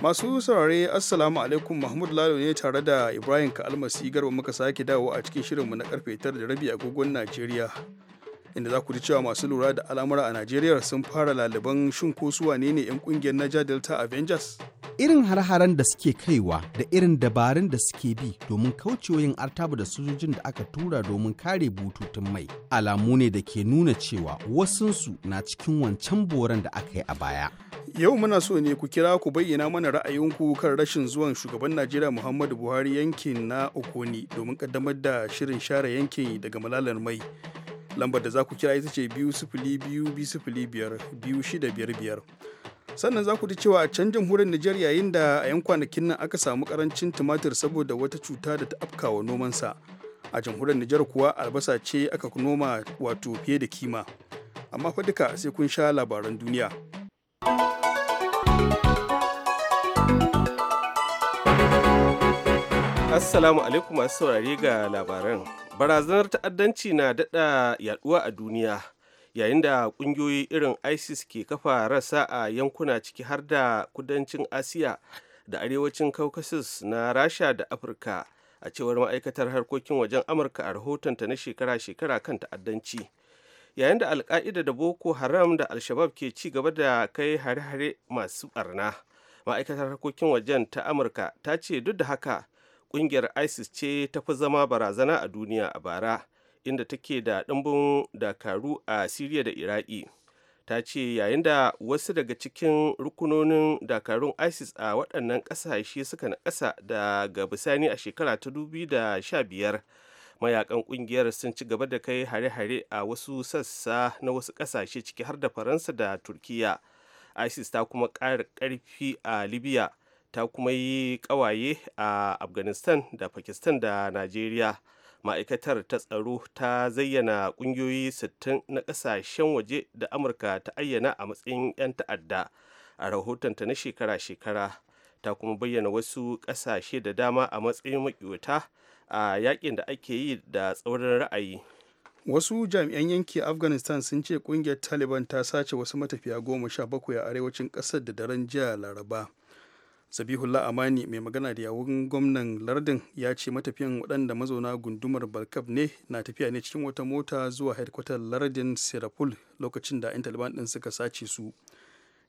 Masu saurare Assalamu alaikum Mahmud Lalo ne tare da Ibrahim almasi garba muka sake dawo a cikin shirinmu na karfe 9 da rabi agogon Najeriya. Inda za ku ji cewa masu lura da al'amura a Najeriya sun fara laliban shin ko su wane ne 'yan kungiyar Niger Delta Avengers? irin har-haren da suke kaiwa da irin dabarun da suke bi domin kaucewa artabu da sojojin da aka tura domin kare bututun mai alamu ne da ke nuna cewa wasunsu na cikin wancan boran da aka yi a baya yau muna so ne ku kira ku bayyana mana ra'ayinku kan rashin zuwan shugaban najeriya muhammadu buhari yankin na okoni domin kaddamar da shirin share yankin daga malalar mai lambar da za ku kira ita ce biyu sifili biyu biyu sifili biyar biyu shida biyar biyar sannan za ku ji cewa a can jamhuriyar Nijar yayin da a 'yan kwanakin nan aka samu karancin tumatir saboda wata cuta da ta afkawa nomansa a jamhuriyar Nijar kuwa albasa ce aka noma wato fiye da kima amma fa duka sai kun sha labaran duniya Assalamu alaikum masu saurare ga labaran barazanar ta'addanci na daɗa yaduwa a duniya yayin da ƙungiyoyi irin isis ke kafa rasa a yankuna ciki har da kudancin asiya da arewacin caucasus na rasha da afirka a cewar ma'aikatar harkokin wajen amurka a rahotonta na shekara-shekara kan ta'addanci yayin da alka'ida da boko haram da alshabab ke ci gaba da kai hare-hare masu barna ma'aikatar harkokin wajen ta amurka ta ce duk da haka kungiyar isis ce ta fi zama barazana a duniya a bara inda take da ɗimbin dakaru a siriya da iraki ta ce yayin da wasu daga cikin rukunonin dakarun isis a waɗannan ƙasashe suka na ƙasa daga bisani a shekara ta da sha biyar. mayakan ƙungiyar sun ci gaba da kai hare-hare a wasu sassa na wasu ƙasashe ciki har da faransa da turkiya isis ta kuma ƙara ƙarfi a libya ta kuma yi ƙawaye a afghanistan da pakistan da najeriya ma'aikatar ta tsaro ta zayyana ƙungiyoyi 60 na ƙasashen waje da amurka ta ayyana a matsayin 'yan ta'adda a rahotonta na shekara-shekara ta kuma bayyana wasu ƙasashe da dama a matsayin maƙiwata a yakin da ake yi da tsaurin ra'ayi wasu jami'an yanki afghanistan sun ce kungiyar taliban ta sace wasu matafiya goma sha bakwai a arewacin ƙasar da daren jiya laraba sabihullah amani mai magana da yawun gwamnan lardin ya ce matafiyan waɗanda mazauna gundumar balkab ne na tafiya ne cikin wata mota zuwa headquarter lardin serapul lokacin da 'yan taliban ɗin suka sace su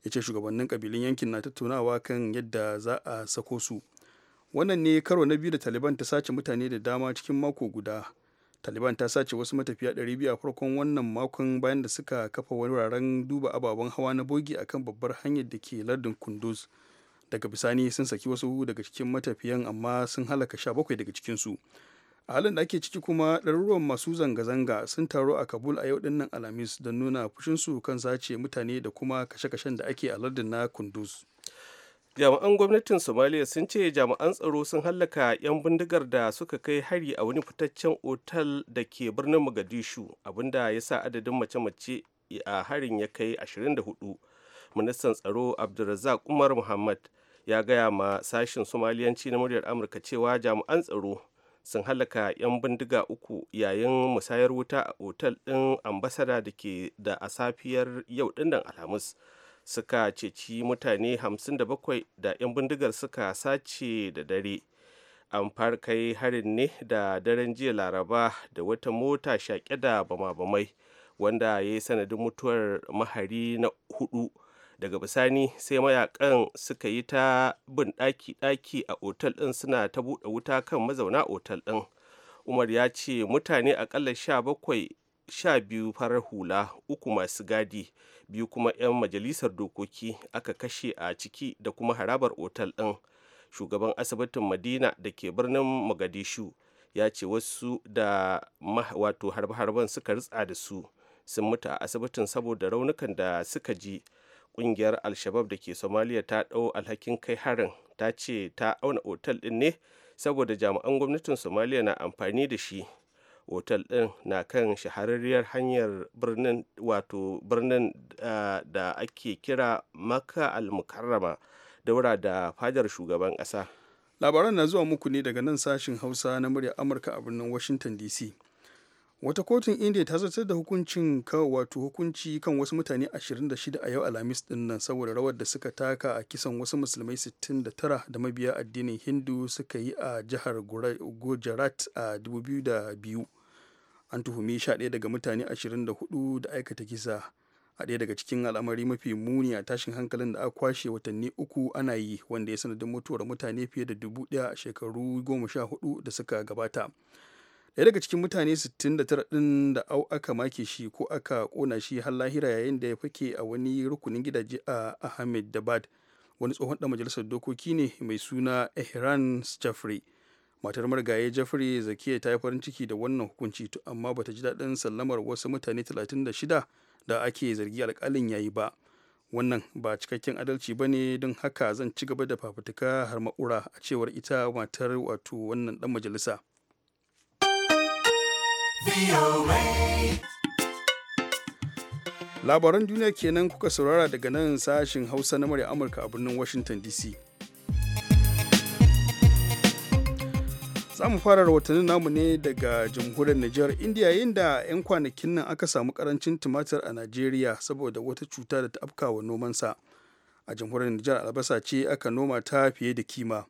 ya ce shugabannin kabilun yankin na tattaunawa kan yadda za a sako su wannan ne karo na biyu da taliban ta sace mutane da dama cikin mako guda taliban ta sace wasu matafiya 200 a farkon wannan makon bayan da suka kafa wuraren duba ababen hawa na bogi akan babbar hanyar da ke lardin kunduz daga bisani sun saki wasu daga cikin matafiyan amma sun halaka bakwai daga cikinsu a halin da ake ciki kuma ɗaruruwan masu zanga-zanga sun taru a kabul a yau dinnan alhamis don nuna fushin su kan sace mutane da kuma kashe-kashen da ake a lardin na kundus. jami'an gwamnatin somaliya sun ce jami'an tsaro sun hallaka 'yan bindigar da suka kai hari a wani fitaccen otal da ke birnin mogadishu abinda ya sa adadin mace-mace a harin ya kai 24 ministan tsaro abdulrazak umar muhammad ya gaya ma sashin somaliyanci na muryar amurka cewa jami'an tsaro sun halaka 'yan bindiga uku yayin musayar wuta a otal ɗin ambasada da ke da a safiyar yau ɗinnan alhamis suka ceci mutane 57 da 'yan bindigar suka sace da dare an kai harin ne da daren jiya laraba da wata mota shaƙe da bama-bamai wanda ya yi sanadin mutuwar mahari na hudu daga bisani sai mayakan suka yi ta bin daki-daki a otal din suna ta buɗe wuta kan mazauna otal din umar ya ce mutane akalla sha bakwai sha biyu farar hula uku masu gadi biyu kuma 'yan majalisar dokoki aka kashe a ciki da kuma harabar otal din shugaban asibitin madina da ke birnin mogadishu ya ce wasu da wato harbe-harben suka ritsa da su sun mutu a asibitin saboda raunukan da suka ji kungiyar alshabab da ke somaliya ta ɗau alhakin kai harin ta ce ta auna otal ɗin ne saboda jami'an gwamnatin somaliya na amfani da shi otal ɗin na kan shahararriyar hanyar birnin wato birnin da ake kira maka al-mukarrama daura da fadar shugaban ƙasa labaran na zuwa muku ne daga nan sashin hausa na murya amurka a birnin washington dc wata kotun india ta zartar da hukuncin wato hukunci kan wasu mutane 26 a yau alhamis din nan saboda rawar da suka taka a kisan wasu musulmai 69 da mabiya addinin hindu suka yi a jihar gujarat a 2002 an tuhumi 11 daga mutane 24 da aikata kisa a ɗaya daga cikin al'amari mafi muni a tashin hankalin da aka kwashe watanni uku ana yi wanda ya sanadin mutuwar mutane fiye da dubu ɗaya a shekaru goma sha hudu da suka gabata ɗaya daga cikin mutane 69 ɗin da au aka make shi ko aka ƙona shi har lahira yayin da ya fake a wani rukunin gidaje a ahmed dabad wani tsohon ɗan majalisar dokoki ne mai suna ehran jeffrey matar marigaye jeffrey zakiya ta yi farin ciki da wannan hukunci to amma bata ji daɗin sallamar wasu mutane 36 da ake zargi alƙalin yayi ba wannan ba cikakken adalci ba ne don haka zan ci gaba da fafutuka har ma'ura a cewar ita matar wato wannan ɗan majalisa Labaran duniya kenan kuka saurara daga nan sashin Hausa na murya Amurka a birnin Washington DC. Za mu fara rahotannin namu ne daga jamhuriyar Nijar, Indiya inda 'yan kwanakin nan aka samu karancin tumatir a Najeriya saboda wata cuta da ta afkawa nomansa. A jamhuriyar Nijar albasa ce aka noma ta fiye da kima.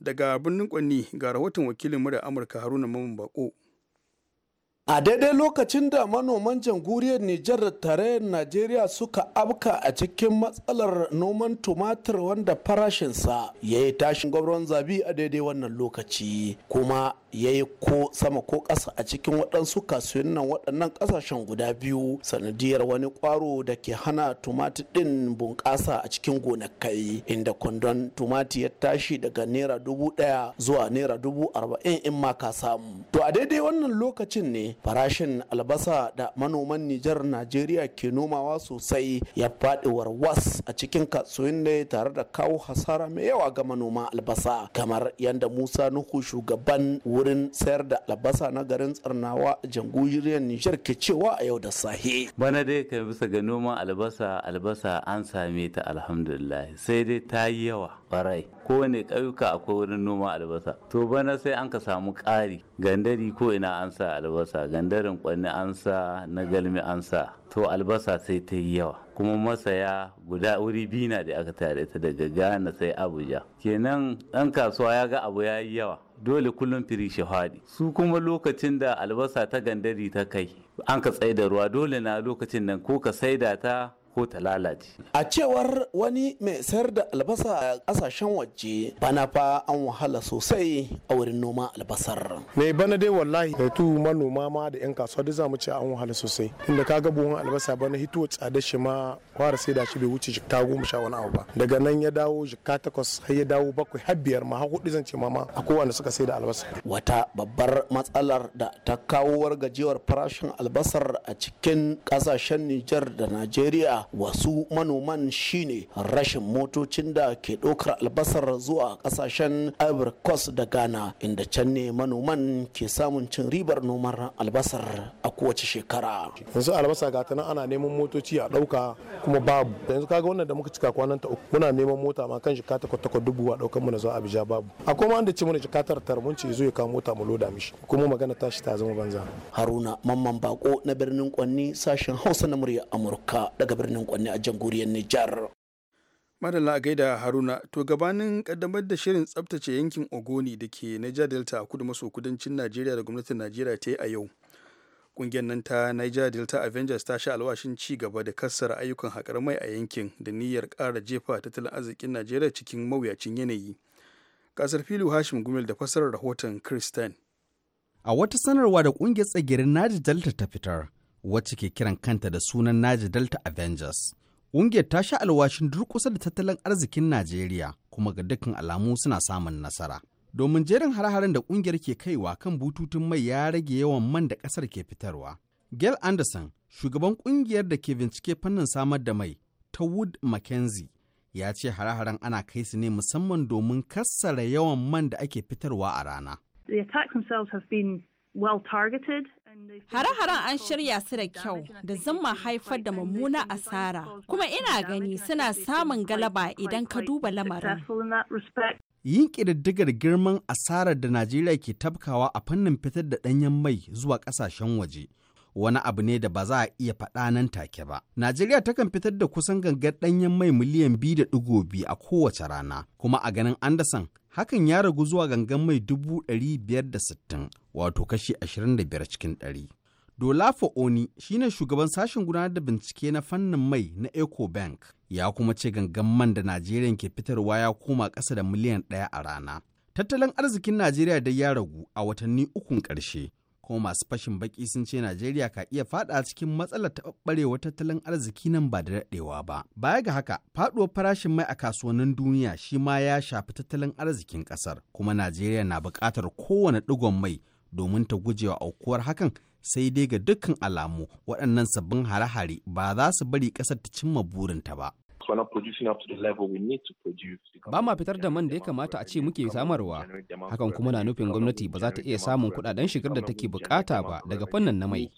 Daga birnin Kwanni ga rahoton wakilin murya Amurka Haruna Mamman Bako A daidai lokacin da manoman janguriyar Nijar da tarayyar Najeriya suka abka a cikin matsalar noman tumatir wanda farashinsa ya yi tashin gwamnan zabi a daidai wannan lokaci kuma ya yi ko sama ko ƙasa a cikin waɗansu kasuwannin waɗannan ƙasashen guda biyu sanadiyar wani ƙwaro da ke hana tumatir ɗin bunƙasa a cikin gonakai inda kwandon tumatir ya tashi daga naira dubu ɗaya zuwa naira dubu arba'in in ma ka samu. To a daidai wannan lokacin ne farashin albasa da manoman nijar najeriya ke nomawa sosai ya faɗi warwas a cikin kasuwin ne tare da kawo hasara mai yawa ga manoma albasa kamar yadda musa nuhu shugaban wurin sayar da albasa na garin tsarnawa a jamhuriyar nijar ke cewa a yau da sahi bana dai ka bisa ga noman albasa albasa an same ta alhamdulillah sai dai ta yi yawa Barai. Kowane ƙauyuka akwai wurin noma albasa. To bana sai an ka samu ƙari. Gandari ko ina an sa albasa, gandarin kwanne an sa, na galmi an sa. To albasa sai ta yi yawa. Kuma masaya guda wuri biyu da aka tare ta daga Ghana sai Abuja. Kenan ɗan kasuwa ya ga abu ya yi yawa. dole kullum firi shi haɗi su kuma lokacin da albasa ta gandari ta kai an ka tsaida ruwa dole na lokacin nan ko ka saida ta ko ta lalace. A cewar wani mai sayar da albasa a kasashen waje bana fa an wahala sosai a wurin noman albasar. Me bana dai wallahi da tu manoma ma da 'yan kasuwa duk za mu ce an wahala sosai. Tunda kaga buhun albasa bana hito tsada shi ma fara sai da shi bai wuce jikka goma sha wani abu ba daga nan ya dawo jikka takwas har ya dawo bakwai har biyar ma har hudu zan ce mama a kowanne suka sai da albasa wata babbar matsalar da ta kawo wargajewar farashin albasar a cikin kasashen Nijar da Najeriya wasu manoman shine rashin motocin da ke ɗaukar albasar zuwa kasashen Ivory Coast da Ghana inda can ne manoman ke samun cin ribar noman albasar a kowace shekara yanzu albasa ga ta nan ana neman motoci a ɗauka kuma babu da yanzu kaga wannan da muka cika kwanan ta uku muna neman mota ma kan jika takwas takwas dubu a daukan mu na zuwa Abuja babu akwai ma wanda ce mana jika tara tara mun ce zo ya kawo mota mu loda mishi kuma magana tashi ta zama banza Haruna Mamman Bako na birnin Kwanni sashen Hausa na murya Amurka daga birnin Kwanni a jamhuriyar Nijar Madalla gaida Haruna to gabanin kaddamar da shirin tsabtace yankin Ogoni da ke Niger Delta a kudu maso kudancin Najeriya da gwamnatin Najeriya ta yi a yau kungiyar nan ta niger delta avengers ta sha alwashin ci gaba da kassara ayyukan haƙar mai a yankin da niyyar ƙara jefa tattalin arzikin najeriya cikin mawuyacin yanayi kasar filu hashim gumel da fassarar rahoton kristen a wata sanarwa da kungiyar tsagirin naji delta ta fitar wacce ke kiran kanta da sunan naji delta avengers kungiyar ta sha alwashin durkusa da tattalin arzikin najeriya kuma ga dukkan alamu suna samun nasara domin jerin har-haren da kungiyar ke kaiwa kan bututun mai ya rage yawan man da kasar ke fitarwa. Gail Anderson, shugaban kungiyar da ke bincike fannin samar da mai ta Wood Mackenzie, ya ce har-haren ana kai su ne musamman domin kassara yawan man da ake fitarwa a rana. Hare-haren an shirya su da kyau da zama haifar da mummuna asara, kuma ina gani suna samun galaba idan ka duba lamarin. yin ƙididdigar girman asarar da Najeriya ke tabkawa a fannin fitar da ɗanyen mai zuwa ƙasashen waje. Wani abu ne da ba za a iya faɗa nan take ba. Najeriya takan fitar da kusan gangar ɗanyen mai miliyan biyu da ɗigo biyu a kowace rana, kuma a ganin Anderson hakan ya ragu zuwa gangan mai dubu ɗari biyar da sittin, wato kashi ashirin da biyar cikin ɗari. Dolafo Oni shine shugaban sashen gudanar da bincike na fannin mai na Ecobank. ya kuma ce gangan man da Najeriya ke fitarwa ya koma ƙasa da miliyan ɗaya a rana. Tattalin arzikin Najeriya dai ya ragu a watanni ukun ƙarshe, kuma masu fashin baƙi sun ce Najeriya ka iya fada cikin matsalar taɓaɓɓarewar tattalin arziki nan ba da daɗewa ba. Baya ga haka, faɗuwar farashin mai a kasuwannin duniya shi ma ya shafi tattalin arzikin ƙasar, kuma Najeriya na buƙatar kowane ɗigon mai domin ta gujewa aukuwar hakan sai dai ga dukkan alamu waɗannan sabbin hare-hare ba za su bari ƙasar ta cimma burinta ba. bama fitar da man da ya kamata a ce muke samarwa. Hakan kuma na nufin gwamnati ba za ta iya samun kudaden shigar da take bukata ba daga fannin na mai.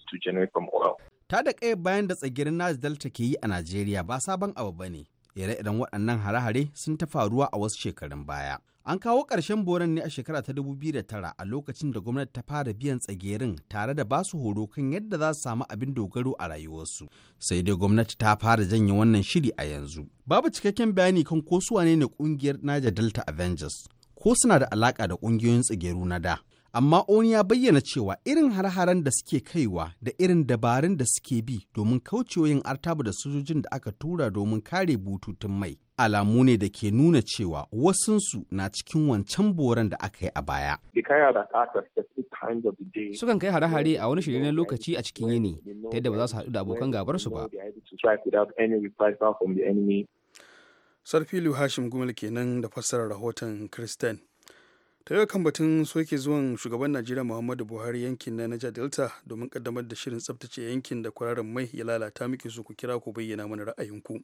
Ta da kai bayan da tsagirin Nazi Delta ke yi a Najeriya ba sabon abu ba ne. Ire-iren waɗannan hare-hare sun ta faruwa a wasu shekarun baya. An kawo ƙarshen Boran ne a shekara ta 2009 a lokacin da gwamnati ta fara biyan tsagerin tare da ba su horo kan yadda za su samu abin dogaro a rayuwarsu. Sai dai gwamnati ta fara janye wannan shiri a yanzu. Babu cikakken bayani kan ko su wane ne ƙungiyar Niger Delta Avengers ko suna da alaƙa da ƙungiyoyin tsageru na da. amma oni ya bayyana cewa irin har-haren da suke kaiwa da irin dabarun da suke bi domin kaucewa yin artabu da sojojin da aka tura domin kare bututun mai alamu ne da ke nuna cewa wasunsu na cikin wancan boran da aka yi a baya. Sukan kai hare-hare a wani shirin lokaci a cikin yini ta yadda ba za su haɗu da abokan gabar su ba. Sarfilu Hashim gumul kenan da fassarar rahoton Kristen. ta yau kan batun soke zuwan shugaban najeriya muhammadu buhari yankin na niger delta domin kaddamar da shirin tsabtace yankin da kwararren mai ya lalata muke su ku kira ku bayyana mana ra'ayinku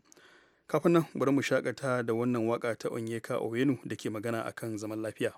kafin nan bari mu shakata da wannan waka ta onyeka owenu da ke magana akan zaman lafiya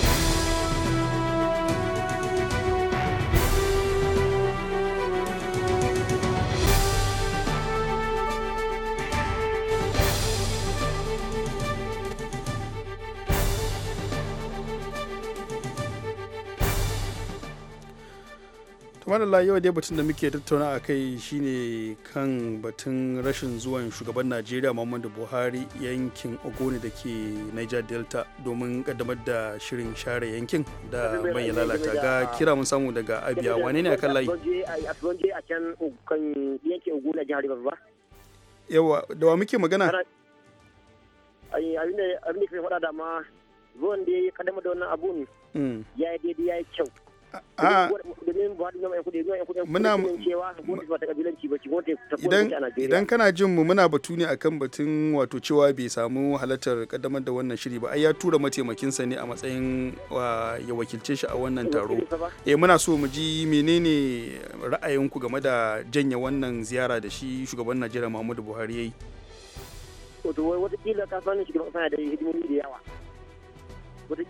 malala yau dai batun da muke tattauna a kai shine kan batun rashin zuwan shugaban najeriya muhammadu buhari yankin ogoni da ke niger delta domin kaddamar da shirin share yankin da mai ya lalata ga kira mun samu daga abia wane ne a kan layi yawa da wa muke magana abin da ke faɗa da ma zuwan da ya kaddamar da wannan abun mm. ya yi daidai ya yi kyau Ah, ah. idan kana jin mu muna batu ne akan batun wato cewa bai samu halartar kaddamar da wannan shiri ba ai ya tura mataimakinsa ne a matsayin ya wakilce shi a wannan taro eh muna so mu ji menene ra'ayinku game da janye wannan ziyara da shi shugaban Najeriya Muhammadu Buhari yayi wato da yawa wata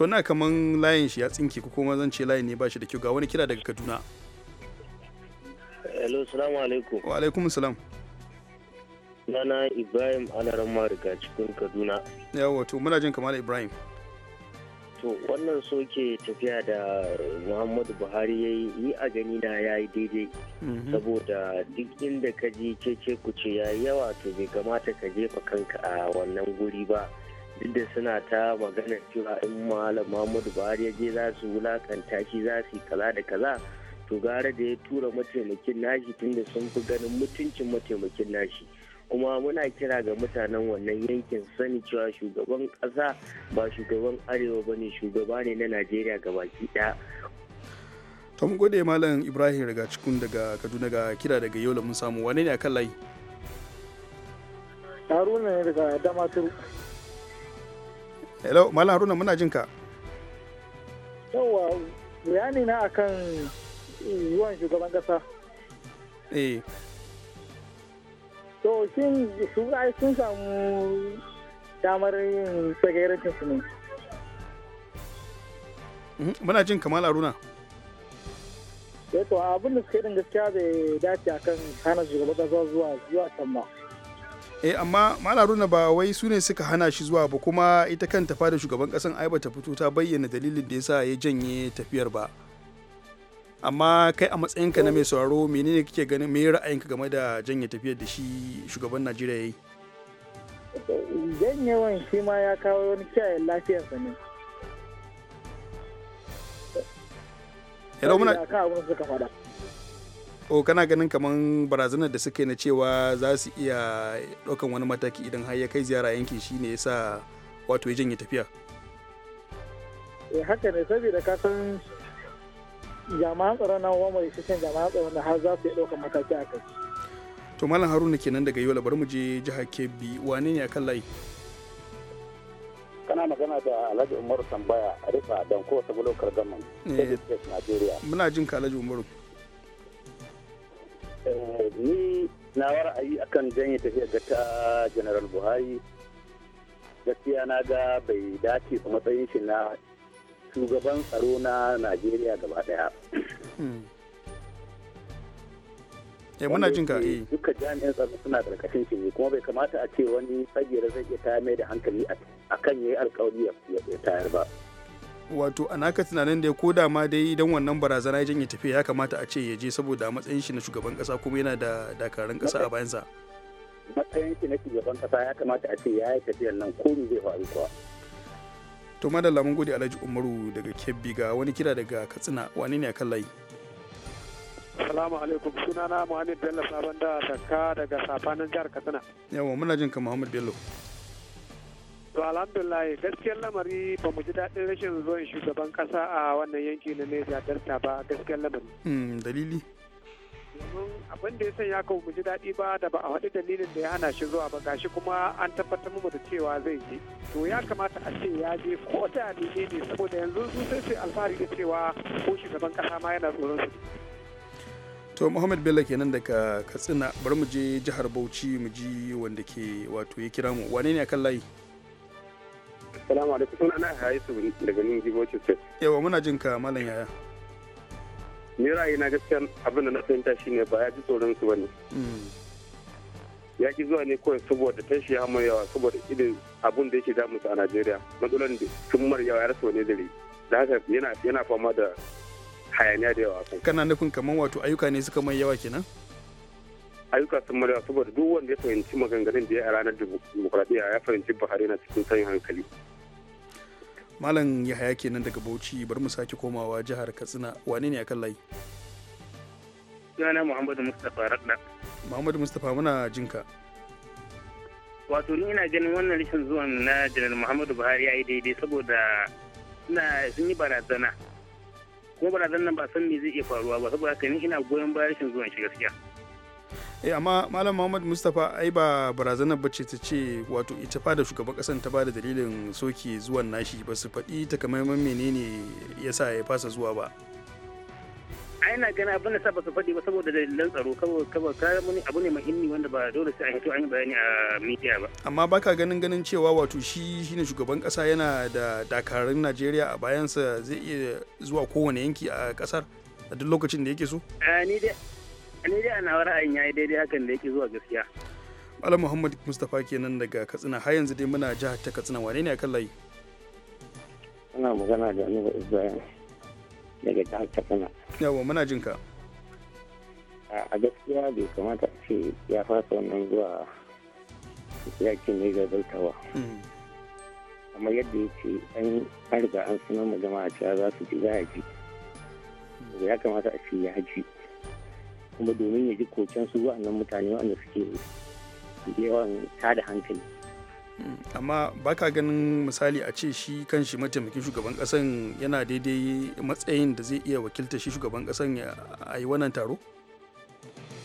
to na kaman layin shi ya tsinke ko kuma zan ce layin ne ba shi da kyau ga wani kira daga kaduna hello salamu alaikum wa alaikum salam nana ibrahim alarama marika cikin kaduna yawa to muna jin kamar ibrahim to wannan soke tafiya da muhammadu buhari ya yi a gani na ya yi daidai mhm. saboda duk inda ka ji cece ku ce ya yawa to bai kamata ka jefa kanka a wannan guri ba duk da suna ta magana cewa in malam muhammadu buhari ya je za su wulakanta shi za su yi kaza da kaza to gara da ya tura mataimakin nashi tun da sun fi ganin mutuncin mataimakin nashi kuma muna kira ga mutanen wannan yankin sani cewa shugaban kasa ba shugaban arewa ba ne shugaba ne na najeriya baki ɗaya mun gode malam ibrahim daga cikin daga kaduna ga kira daga yola mun samu wane ne akan layi haruna ne daga damaturu hello malam haruna muna jin ka yawa bayani na akan yiwuwan eh, shugaban kasa eh to shin su ai sun samu damar yin tsagairancin su ne mhm, muna jin kamar haruna ya eh, to abin da suka yi gaskiya bai dace akan hana shugaban kasa zuwa zuwa can ba eh amma malaruna ba wai su ne suka hana shi zuwa ba kuma ita kanta fada shugaban kasan ai ta fito ta bayyana dalilin da yasa ya janye tafiyar ba amma kai a matsayinka na mai sauraro menene kake ganin me ra'ayinka game da janye tafiyar da shi shugaban Najeriya yayi wani shi ma ya kawo wani kiyaye lafiyar sa ne Hello muna o kana ganin kamar barazanar da suka yi na cewa za su iya ɗaukan wani mataki idan har ya kai ziyara yankin shi ne ya sa wato ya janye tafiya eh, haka ne saboda ka san jama'an tsaron nan wamar cikin jama'an tsaron da har za su iya ɗaukan mataki a kai to malam haruna kenan daga yola bari mu je jihar kebbi wane ne akan layi kana magana da alhaji umaru tambaya rifa don kowace bulokar gaman muna jin ka alhaji umaru ni na ra'ayi akan janye tafiya ga ta general buhari gaskiya na ga bai dace a matsayin shi na shugaban tsaro na najeriya gaba daya ya eh, muna jin ka eh duka jami'an tsaro suna karkashin shi ne kuma bai kamata a ce wani tsagera zai iya tayar mai da hankali a kan yayi alkawari ya tayar ba wato a naka tunanin da ko da ma dai idan wannan barazana ya janye tafiya ya kamata a ce ya je saboda matsayin shi na shugaban kasa kuma yana da dakarun kasa a bayansa matsayin shi na shugaban kasa ya kamata a ce ya yi tafiyar nan ko zai faru kuwa to madalla mun gode alhaji umaru daga kebbi ga wani kira daga katsina wani ne a kan layi salamu alaikum sunana muhammad bello sabon da daga safanin jihar katsina yawon muna jin ka muhammad bello To alhamdulillah gaskiyar lamari ba mu ji daɗin rashin zuwan shugaban ƙasa a wannan yanki na Neja Delta ba gaskiyar lamari. Hmm, dalili? domin abin da ya sanya ka mu ji daɗi ba da ba a faɗi dalilin da ya hana shi zuwa ba gashi kuma an tabbatar mu da cewa zai je to ya kamata a ce ya je ko da ne ne saboda yanzu su sai sai alfahari da cewa ko shugaban kasa ma yana tsoron su to muhammad bello kenan daga katsina bari mu je jihar bauchi mu ji wanda ke wato ya kira mu wane ne akan layi Salamu alaikum suna na su daga New jibocin State. Yawa muna jin ka malam yaya. Ni ra'ayi na gaskiya abin da na fahimta shine ba ya ji tsoron su bane. Hmm. Ya ki zuwa ne kawai saboda tashi ya mai yawa saboda irin abun da yake damu a Najeriya. Matsalar da sun mar yawa ya rasa wani dare. Da haka yana yana fama da hayaniya da yawa. Kana nufin kamar wato ayyuka ne suka mai yawa kenan? ayyuka sun mara saboda duk wanda ya fahimci maganganun da ya a ranar demokuraɗiyya ya fahimci buhari na cikin sanyin hankali malam yahaya kenan daga bauchi bari mu sake komawa jihar katsina wane ne akan layi sunana muhammadu mustapha radda muhammadu mustapha muna jinka wato ni ina ganin wannan rashin zuwan na janar muhammadu buhari ya yi daidai saboda suna sun yi barazana kuma nan ba san me zai iya faruwa ba saboda haka ni ina goyon bayan rashin zuwan shi gaskiya eh amma malam muhammad mustapha ai ba barazanar ce ta ce wato ita fa da shugaban kasan ta ba da dalilin soke zuwan nashi ba su faɗi takamaiman menene yasa ya fasa zuwa ba ai na gani abin da sa ba su faɗi ba saboda dalilan tsaro kawai kare muni abu ne mahimmi wanda ba dole sai an hito an yi bayani a media ba amma baka ganin ganin cewa wato shi shine shugaban kasa yana da dakarun Najeriya a bayansa zai iya zuwa kowane yanki a kasar a duk lokacin da yake so eh, ni dai ni dai ana ra'ayin yayi daidai hakan da yake zuwa gaskiya Bala Muhammad Mustapha kenan daga Katsina har yanzu dai muna jihar ta Katsina wane ne akan layi Ana magana da Anuba Ibrahim daga jihar Katsina Yawa muna jin ka A gaskiya bai kamata a ce ya fasa wannan zuwa yakin ne ga zartawa kamar yadda ya ce an riga an sanar mu jama'a cewa za su ji za a ji ya kamata a ce ya ji kuma domin ya ji koken su wa'annan mutane wa'anda suke yawan tada hankali amma baka ganin misali a ce shi kan shi mataimakin shugaban kasan yana daidai matsayin da zai iya wakilta shi shugaban kasan a yi wannan taro?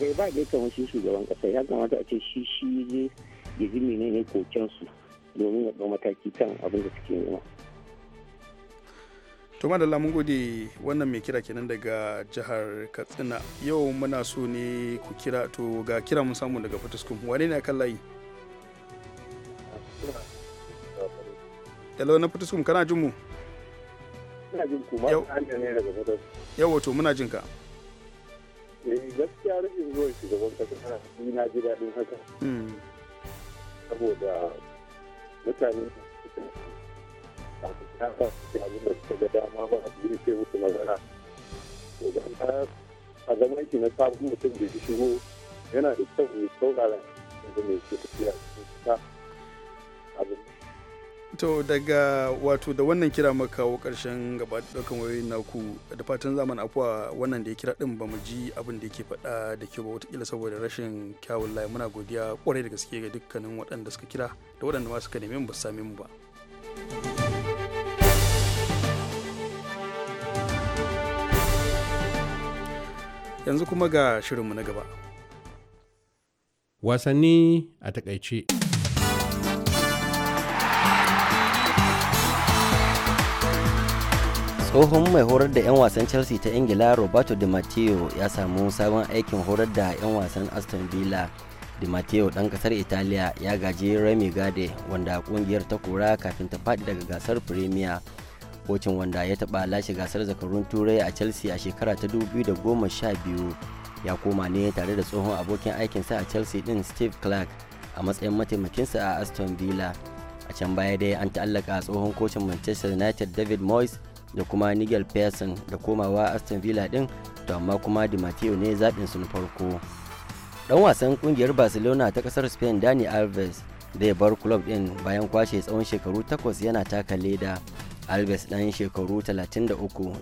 eh ba dai kamar shi shugaban kasa ya kamata a ce shi shi ya ji menene kokensu domin ya ɗau mataki kan abin da suke nema. to madalla mun gode wannan mai kira kenan daga jihar katsina yau muna so ne ku kira to ga kira mun samu daga fataskun wane ne akan layi hello na fataskun kana jin mu yau wato muna jin ka eh, gaskiya rashin zuwan shugaban kasa na ji daɗin haka hmm. saboda mutane a cikin haka su dama ba a biyu magana ta na sabon mutum da ya shigo yana da kyau mai saurara da mai ke tafiya to daga wato da wannan kira maka kawo karshen gaba daukan wayoyin naku da fatan zaman afuwa wannan da ya kira din bamu ji abin da yake faɗa da ke ba watakila saboda rashin kyawun layi muna godiya kwarai da gaske ga dukkanin waɗanda suka kira da waɗanda ma suka neme mu ba mu ba. yanzu kuma ga shirinmu na gaba wasanni a takaice tsohon mai horar da 'yan wasan chelsea ta ingila roberto di matteo ya samu sabon aikin horar da 'yan wasan aston villa di matteo dan kasar italiya ya gaji remy gade wanda kungiyar ta kora kafin ta faɗi daga gasar premier kocin wanda ya taba lashe gasar zakarun turai a chelsea a shekara ta 2012 ya koma ne tare da tsohon abokin aikinsa a chelsea din steve clark a matsayin mataimakinsa a aston villa a can baya dai an ta'allaka tsohon kocin manchester united david moyes da kuma nigel pearson da komawa aston villa din to amma kuma di mateo ne zaɓin su na farko dan wasan kungiyar barcelona ta kasar spain dani alves zai bar club din bayan kwashe tsawon shekaru takwas yana taka leda alves dan shekaru 33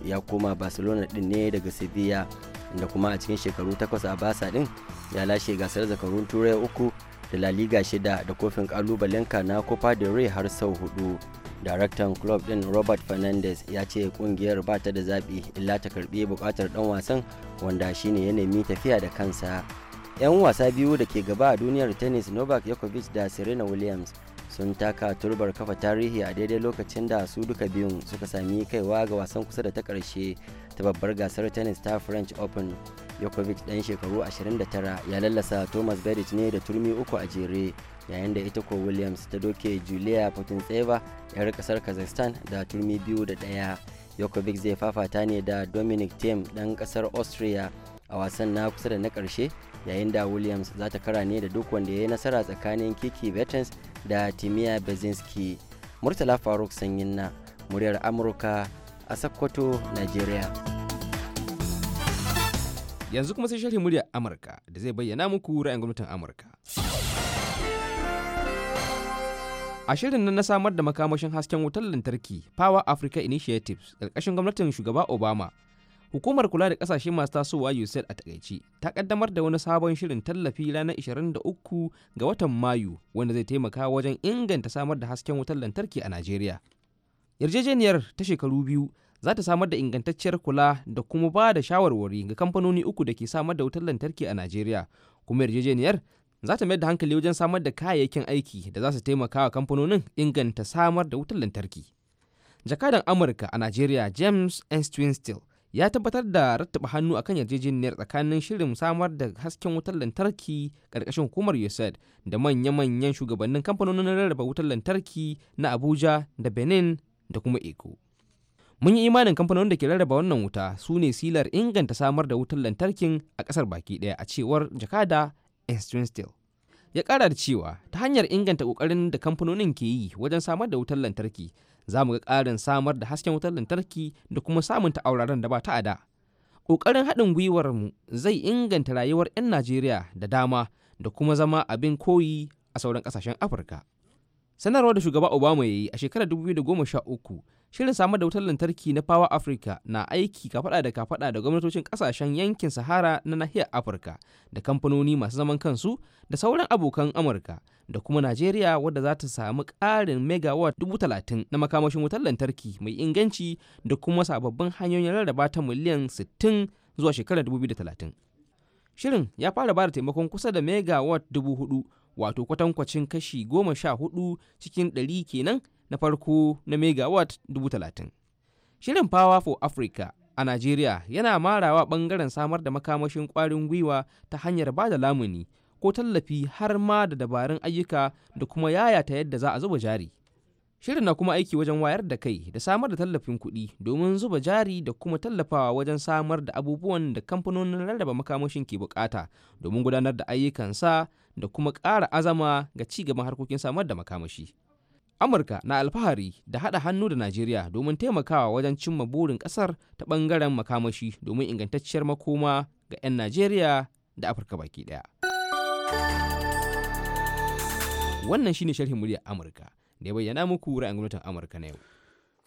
ya koma barcelona din ne daga sevilla da kuma a cikin shekaru takwas a basa din ya lashe gasar zakarun turai uku da la liga shida da kofin kalubalenka na copa del rey har sau hudu daraktan club din robert fernandez ya ce kungiyar ba ta da zaɓi illa ta karɓi bukatar ɗan wasan wanda shine ya nemi tafiya da kansa 'yan wasa biyu da ke gaba a duniyar tennis novak yakovic da serena williams sun taka turbar kafa tarihi a daidai lokacin da su duka biyun suka sami kaiwa ga wasan kusa da ta karshe ta babbar gasar tennis ta french open Djokovic ɗan shekaru 29 ya lallasa Thomas berich ne da turmi uku a jere yayin da ita ko Williams ta doke Julia Putintseva 'yar kasar Kazakhstan da turmi biyu da ɗaya. Djokovic zai fafata ne da Dominic Thiem ɗan kasar Austria a wasan na kusa da na karshe yayin da Williams za ta kara ne da duk wanda ya yi nasara tsakanin Kiki Bertens da timiya bezinski murtala faruk sanyin na muryar amurka a sakkwato nigeria yanzu kuma sai sharhi muryar amurka da zai bayyana muku ra'ayin gwamnatin amurka a shirin nan na samar da makamashin hasken wutar lantarki power africa initiatives ƙarƙashin gwamnatin shugaba obama Hukumar kula da kasashe masu tasowa USAID a takaici ta kaddamar da wani sabon shirin tallafi ranar 23 ga watan Mayu wanda zai taimaka wajen inganta samar da hasken wutar lantarki a Najeriya. Yarjejeniyar ta shekaru biyu za ta samar da ingantacciyar kula da kuma ba da shawarwari ga kamfanoni uku da ke samar da wutar lantarki a Najeriya. Kuma yarjejeniyar za ta mayar da hankali wajen samar da kayayyakin aiki da za su taimaka wa kamfanonin inganta samar da wutar lantarki. Jakadan Amurka a Najeriya James N. Still ya tabbatar da rattaba hannu kan yarjejeniyar tsakanin shirin samar da hasken wutar lantarki ƙarƙashin hukumar USAID da manya-manyan shugabannin kamfanonin rarraba wutar lantarki na Abuja da Benin da kuma Eko. Mun yi imanin kamfanonin da ke rarraba wannan wuta su ne silar inganta samar da wutar lantarkin a ƙasar baki ɗaya a cewar jakada Einstein steel Ya ƙara da cewa ta hanyar inganta ƙoƙarin da kamfanonin ke yi wajen samar da wutar lantarki za mu ga ƙarin samar da hasken wutar lantarki da kuma samunta auraren da ba ta ada. Ƙoƙarin haɗin gwiwar mu zai inganta rayuwar 'yan Najeriya da dama da kuma zama abin koyi a sauran ƙasashen Afirka. sanarwa da shugaba obama ya yi a shekarar 2013 shirin samar da wutar lantarki na power africa na aiki kafada da kafada da gwamnatocin kasashen yankin sahara na nahiyar afirka da kamfanoni masu zaman kansu da sauran abokan amurka da kuma najeriya wadda za ta samu ƙarin megawatt 30,000 na makamashin wutar lantarki mai inganci da kuma sababbin hanyoyin rarraba ta miliyan 60 zuwa shekarar 2030 shirin ya fara bada taimakon kusa da megawatt dubu hudu wato kwatankwacin kashi goma sha hudu cikin ɗari kenan na farko na megawatt dubu talatin shirin power for africa a najeriya yana marawa ɓangaren samar da makamashin kwarin gwiwa ta hanyar ba da lamuni ko tallafi har ma da dabarun ayyuka da kuma yayata yadda za a zuba jari Shirin na kuma aiki wajen wayar da kai da samar da tallafin kuɗi domin zuba jari da kuma tallafawa wajen samar da abubuwan da kamfanonin rarraba makamashin ke bukata domin gudanar da ayyukansa da kuma ƙara azama ga ci gaban harkokin samar da makamashi. Amurka na alfahari da haɗa hannu da Najeriya domin taimakawa wajen cimma burin ƙasar ta ɓangaren makamashi domin ingantacciyar makoma ga 'yan Najeriya da Afirka baki ɗaya. Wannan shine sharhin muryar Amurka. da ya bayyana muku ra'ayin gwamnatin amurka na yau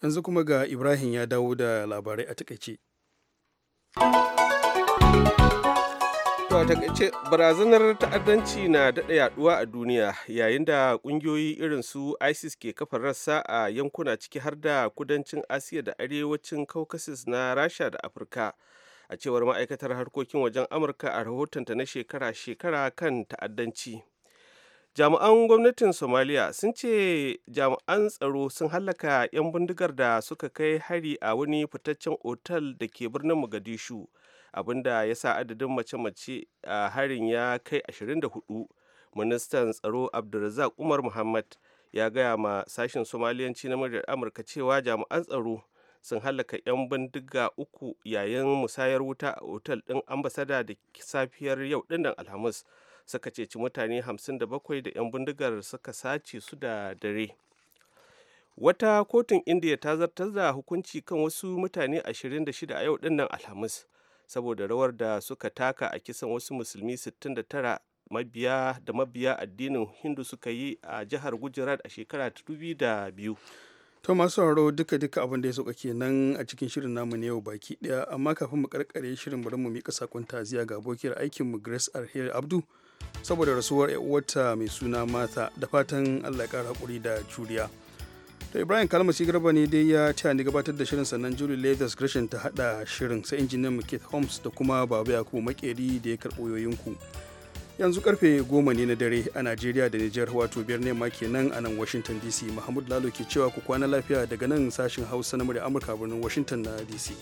yanzu kuma ga ibrahim ya dawo da labarai a takaice To takaice barazanar ta'addanci na daɗa yaɗuwa a duniya yayin da ƙungiyoyi irin su ISIS ke kafa rassa a yankuna ciki har da kudancin Asiya da arewacin Caucasus na Rasha da Afirka. A cewar ma'aikatar harkokin wajen Amurka a rahotonta na shekara-shekara kan ta'addanci. jami'an gwamnatin somaliya sun ce jami'an tsaro sun hallaka 'yan bindigar da suka kai hari a wani fitaccen otal da ke birnin mogadishu abinda ya sa adadin mace-mace a harin ya kai 24 ministan tsaro abdulrazak umar muhammad ya gaya ma sashen somaliyanci na muryar amurka cewa jami'an tsaro sun hallaka 'yan bindiga uku yayin musayar wuta a otal ɗin ambasada da safiyar yau ɗinnan alhamis suka ceci mutane 57 da 'yan bindigar suka sace su da dare wata kotun indiya ta zartar da hukunci kan wasu mutane 26 a yau dinnan alhamis saboda rawar da suka taka a kisan wasu musulmi 69 mabiya da mabiya addinin hindu suka yi a jihar gujarat a shekara ta da biyu to masu sauraro duka duka abin da ya sauka kenan a cikin shirin namu ne yau baki daya amma kafin mu karkare shirin bari mu mika sakon taziya ga abokiyar aikin mu grace arhel abdu saboda rasuwar uwarta mai suna mata da fatan allah ya kara hakuri da juriya to ibrahim shi garba ne dai ya ta ni gabatar da shirin sannan julie leathers gresham ta hada shirin sai injiniyan mu keith holmes da kuma baba yakubu makeri da ya karbo yoyinku yanzu karfe goma ne na dare a nigeria da nijar wato biyar ne ma kenan a nan washington dc mahmud lalo ke cewa ku kwana lafiya daga nan sashin hausa na murya amurka birnin washington na dc